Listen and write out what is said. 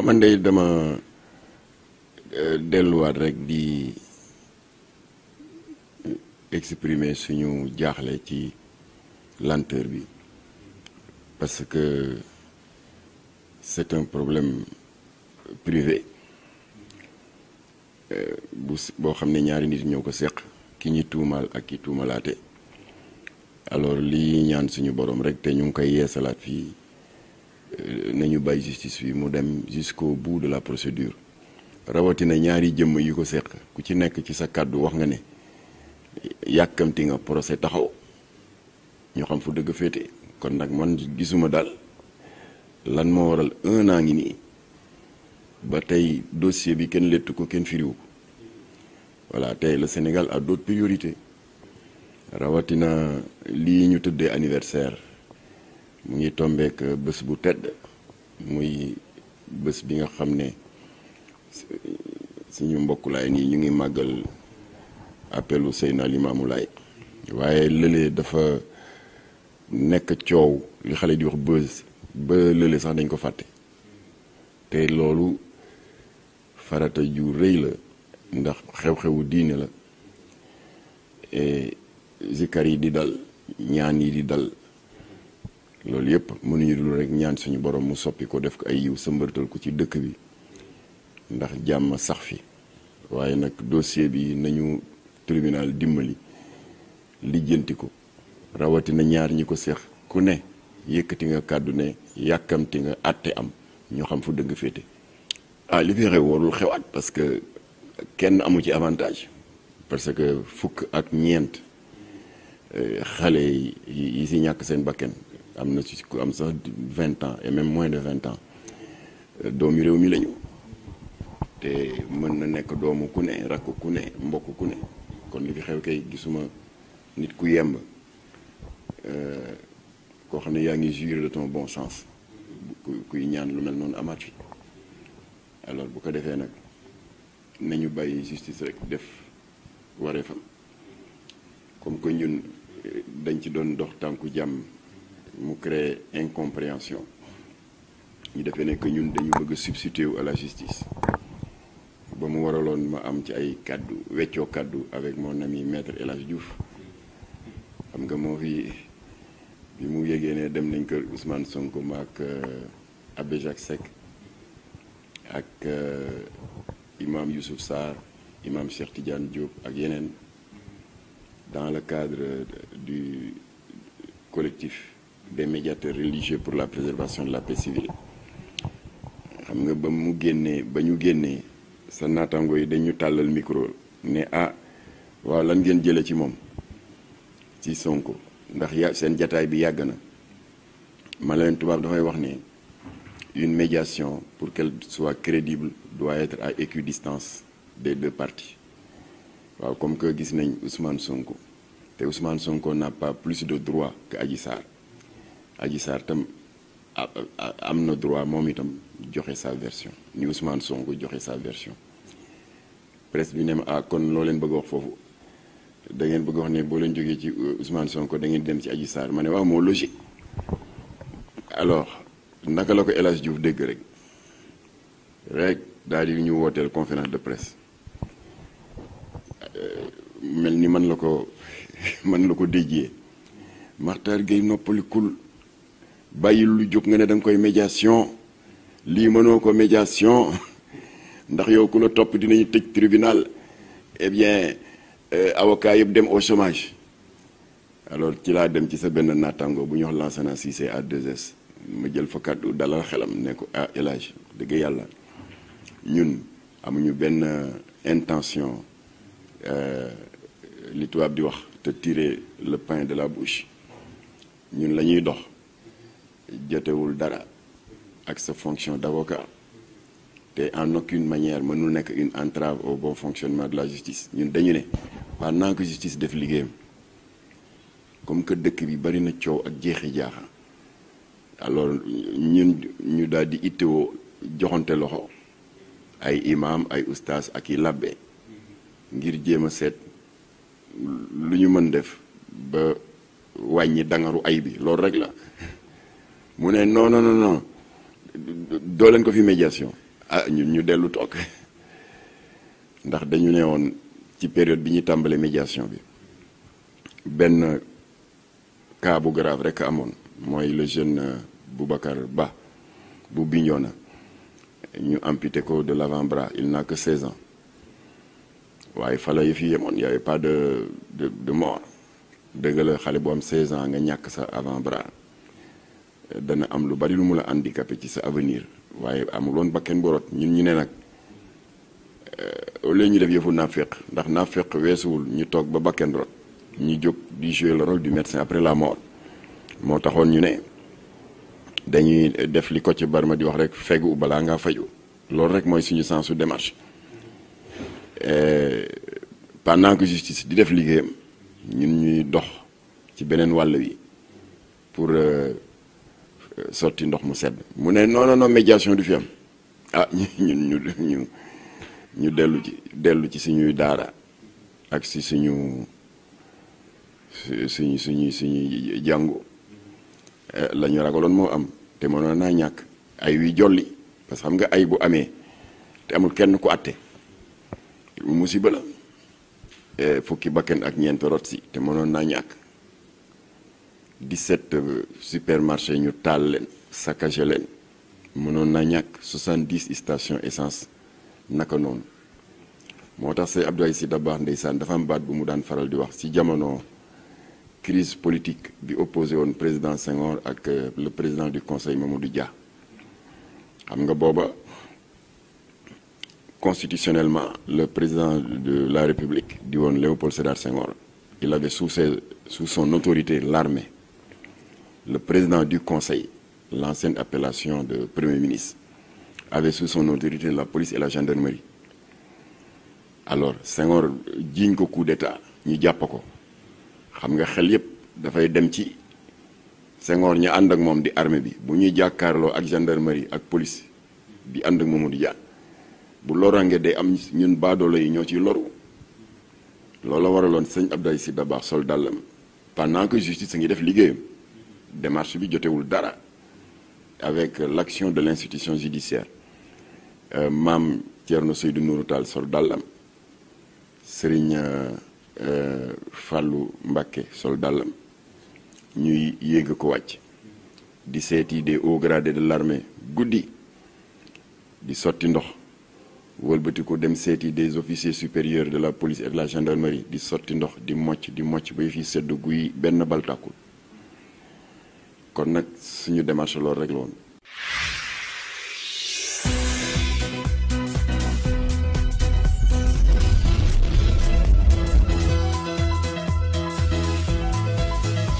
waaw man de dama euh, delluwaat rek di exprimer suñu jaaxle ci lanteur bi parce que c'est un problème privé euh, bu boo xam ne ñaari nit ñoo ko seq ki ñi tuumaal ak ki tuumalaate alors li ñaan suñu borom rek te ñu ngi koy yeesalaat fii Euh, nañu bàyyi justice bi mu dem jusqu'au bout de la procédure rawatina ñaari jëmm yi ko seq ku ci nekk ci sa kàddu wax nga ne yàkkamti nga procès taxaw ñu xam fu dëgg féete kon nag man gisuma daal lan moo waral un an ngi nii ba tey dossier bi kenn lettu ko kenn firiwu ko voilà tey la Sénégal a d'autres priorités rawatina lii ñu tëddee anniversaire mu ngi tombeek bés bu tedd muy bés bi nga xam ne suñu mbokk laay nii ñu ngi màggal appelu Seyna Limaamu waaye lële dafa nekk coow li xale di wax bés ba lële sax dañ ko fàtte te loolu farata ju rëy la ndax xew-xewu diine la e, zikar yi di dal ñaan yi di dal loolu yëpp mënuñu dul rek ñaan suñu borom mu soppi ko def ko ay yiw sëmbërtal ko ci dëkk bi ndax jàmm sax fi waaye nag dossier bi nañu tribunal dimbali lijjanti ko rawatina ñaar ñi ko seex ku ne yëkkati nga kàddu ne yàkkamti nga àtte am ñu xam fu dëgg féete ah li fi xew warul xewaat parce que kenn amu ci avantage parce que fukk ak ñeent eh, xale yi si ñàkk seen bakken am na ci ku am sax vingt ans et même moins de vingt ans euh, doomu réew mi lañu te mën na nekk doomu ku ne rakk ku ne mbokk ku ne kon li fi xew kay gisuma nit ku yemb euh, koo xam ne yaa ngi juré de ton bon sens kuy ñaan lu mel noonu amaat fi alors bu ko defee nag nañu bàyyi justice rek def wareefam comme que ñun euh, dañ ci doon dox tànku jàmm mu créer incompréhension ñu defee ne ñun dañu bëgg a la justice ba mu waraloon ma am ci ay kàddu weccoo kàddu avec mon ami maître El Hadj Diouf xam nga moo fi bi mu yégee ne dem nañ kër Ousmane Sonko ma ak euh, Abbé Jacques Seck ak euh, imam Youssouf Sarr imam Cheikh Tidiane Diop ak yeneen dans le cadre du collectif des médiateurs religieux pour la préservation de la paix civile xam nga ba mu génnee ba ñu génnee sa naataango yi dañu tàllal micro ne ah waaw lan ngeen jëlee ci moom ci Sonko ndax ya seen jataay bi yàgg na ma leen tubaab dafay wax ne une médiation pour qu'elle soit crédible doit être à équidistance des deux parties waaw comme que gis nañ Ousmane Sonko te Ousmane Sonko n'a plus de droit que Adji Sarr Adji Sarr tam am na droit moom itam joxe sa version ni Ousmane Sonko joxe sa version presse bi ne ma ah kon loo leen bëgg wax foofu da ngeen bëgg wax ne boo leen jógee ci euh, Ousmane Sonko da ngeen dem ci Adji Sarr ma ne waaw moo logique alors naka la ko El Hadj Diouf dégg rek rek daal di ñu wooteel conférence de presse euh, mel ni man la ko man la ko déjee Makhtar Gueye noppalikul bàyyil lu jóg nga ne da koy médiation lii mënoo ko médiation ndax yow ku la topp dinañu tëj tribunal eh bien euh, avocat yëpp dem au chômage alors ci laa dem ci sa benn naataango bu ñu wax Lansana Cissé à 2S ma jël fa kàddu dala xelam ne ko ah El Hadj yàlla ñun amuñu benn euh, intention euh, li di wax te tirer le pain de la bouche ñun la ñuy dox. jotewul dara ak sa fonction d'avocat te en aucune manière mënul nekk une entrave au bon fonctionnement de la justice ñun dañu ne pendant que justice def liggéeyam comme que dëkk bi bari na coow ak jeexi jaaxa alors ñun ñu daal di ittewoo joxante loxo ay imam ay ustaas ak i labbe ngir jéem a seet lu ñu mën def ba wàññi dangaru ay bi loolu rek la mu ne non non non non ko fi médiation ah ñun ñu dellu toog ndax dañu ne woon ci période bi ñuy tàmbale médiation bi benn cas bu grave rek amoon mooy le jeune euh, Boubacar Ba bu Bignona ñu amputé ko de l'avant-bras il n'a que ans waaye fala yi fi yemoon y pas de de de mort xale bu am 16 ans nga ñàkk sa avant-bras dana am lu bari lu mu la handicapé ci sa avenir waaye amul woon ba kenn ñun ñu ne nag euh, au lieu ñu def yëfu naafeq ndax féq weesuwul ñu toog ba bakken rot ñu jóg di jouer le rôle du après la mort moo taxoon ñu ne dañuy def li ko ci barma di wax rek fegu balaa ngaa faju loolu rek mooy suñu sensu démarche euh, pendant que justice di def liggéeyam ñun ñuy dox ci beneen wàll wi pour euh, sotti ndox mu sedd mu ne non non non médiation du fi am ah ñun ñu ñu ñu dellu ci dellu ci suñuy daara ak si suñu suñu suñu suñu jàngu eh, lañu ragaloon moo am te mënoon naa ñàkk ay wi jolli parce que xam nga ay bu amee te amul kenn ku àtte musiba la eh, fukki bakken ak ñeent rot si te mënoon naa ñàkk. 17 euh, supermarché ñu taal leen saccagé leen mënoon na ñàkk 70 stations essence naka noonu moo tax say Abdoulaye Sy Dabakh ndeysaan dafa am baat bu mu daan faral di wax ci jamono crise politique bi opposé woon président Senghor ak euh, le président du conseil du Dia xam nga booba constitutionnellement le président de la République di woon Léopold Sédar Senghor il avait sous ses sous son autorité l'armée le président du Conseil, l'ancienne appellation de Premier ministre, avait sous son autorité la police et la gendarmerie. alors Senghor jiiñ ko coup d'état ñu jàpp ko xam nga xel yëpp dafay dem ci Senghor ñu ànd ak moom di armée bi bu ñuy jàkkaarloo ak gendarmerie ak police di ànd ak Mamadou Dia bu lorange day am ñun baadoolo yi ñoo ci loru loola waraloon sëñ Abdoulaye Sy Dabakh sol dàllam pendant que justice a ngi def liggéeyam démarche bi jotewul dara avec l'action de l'institution judiciaire euh, maam Thierno Seydou Nourou Tall sol dàllam sëriñ euh, euh, Fallou Mbacké sol dàllam ñuy yéeg ko wàcc di seeti des hauts gradés de l'armée guddi di sotti ndox wëlbati ko dem seeti des officiers supérieurs de la police et de la gendarmerie di sotti ndox di mocc di mocc bay fi sedd guy benn baltàkkul kon nag suñu démarche loolu rek la woon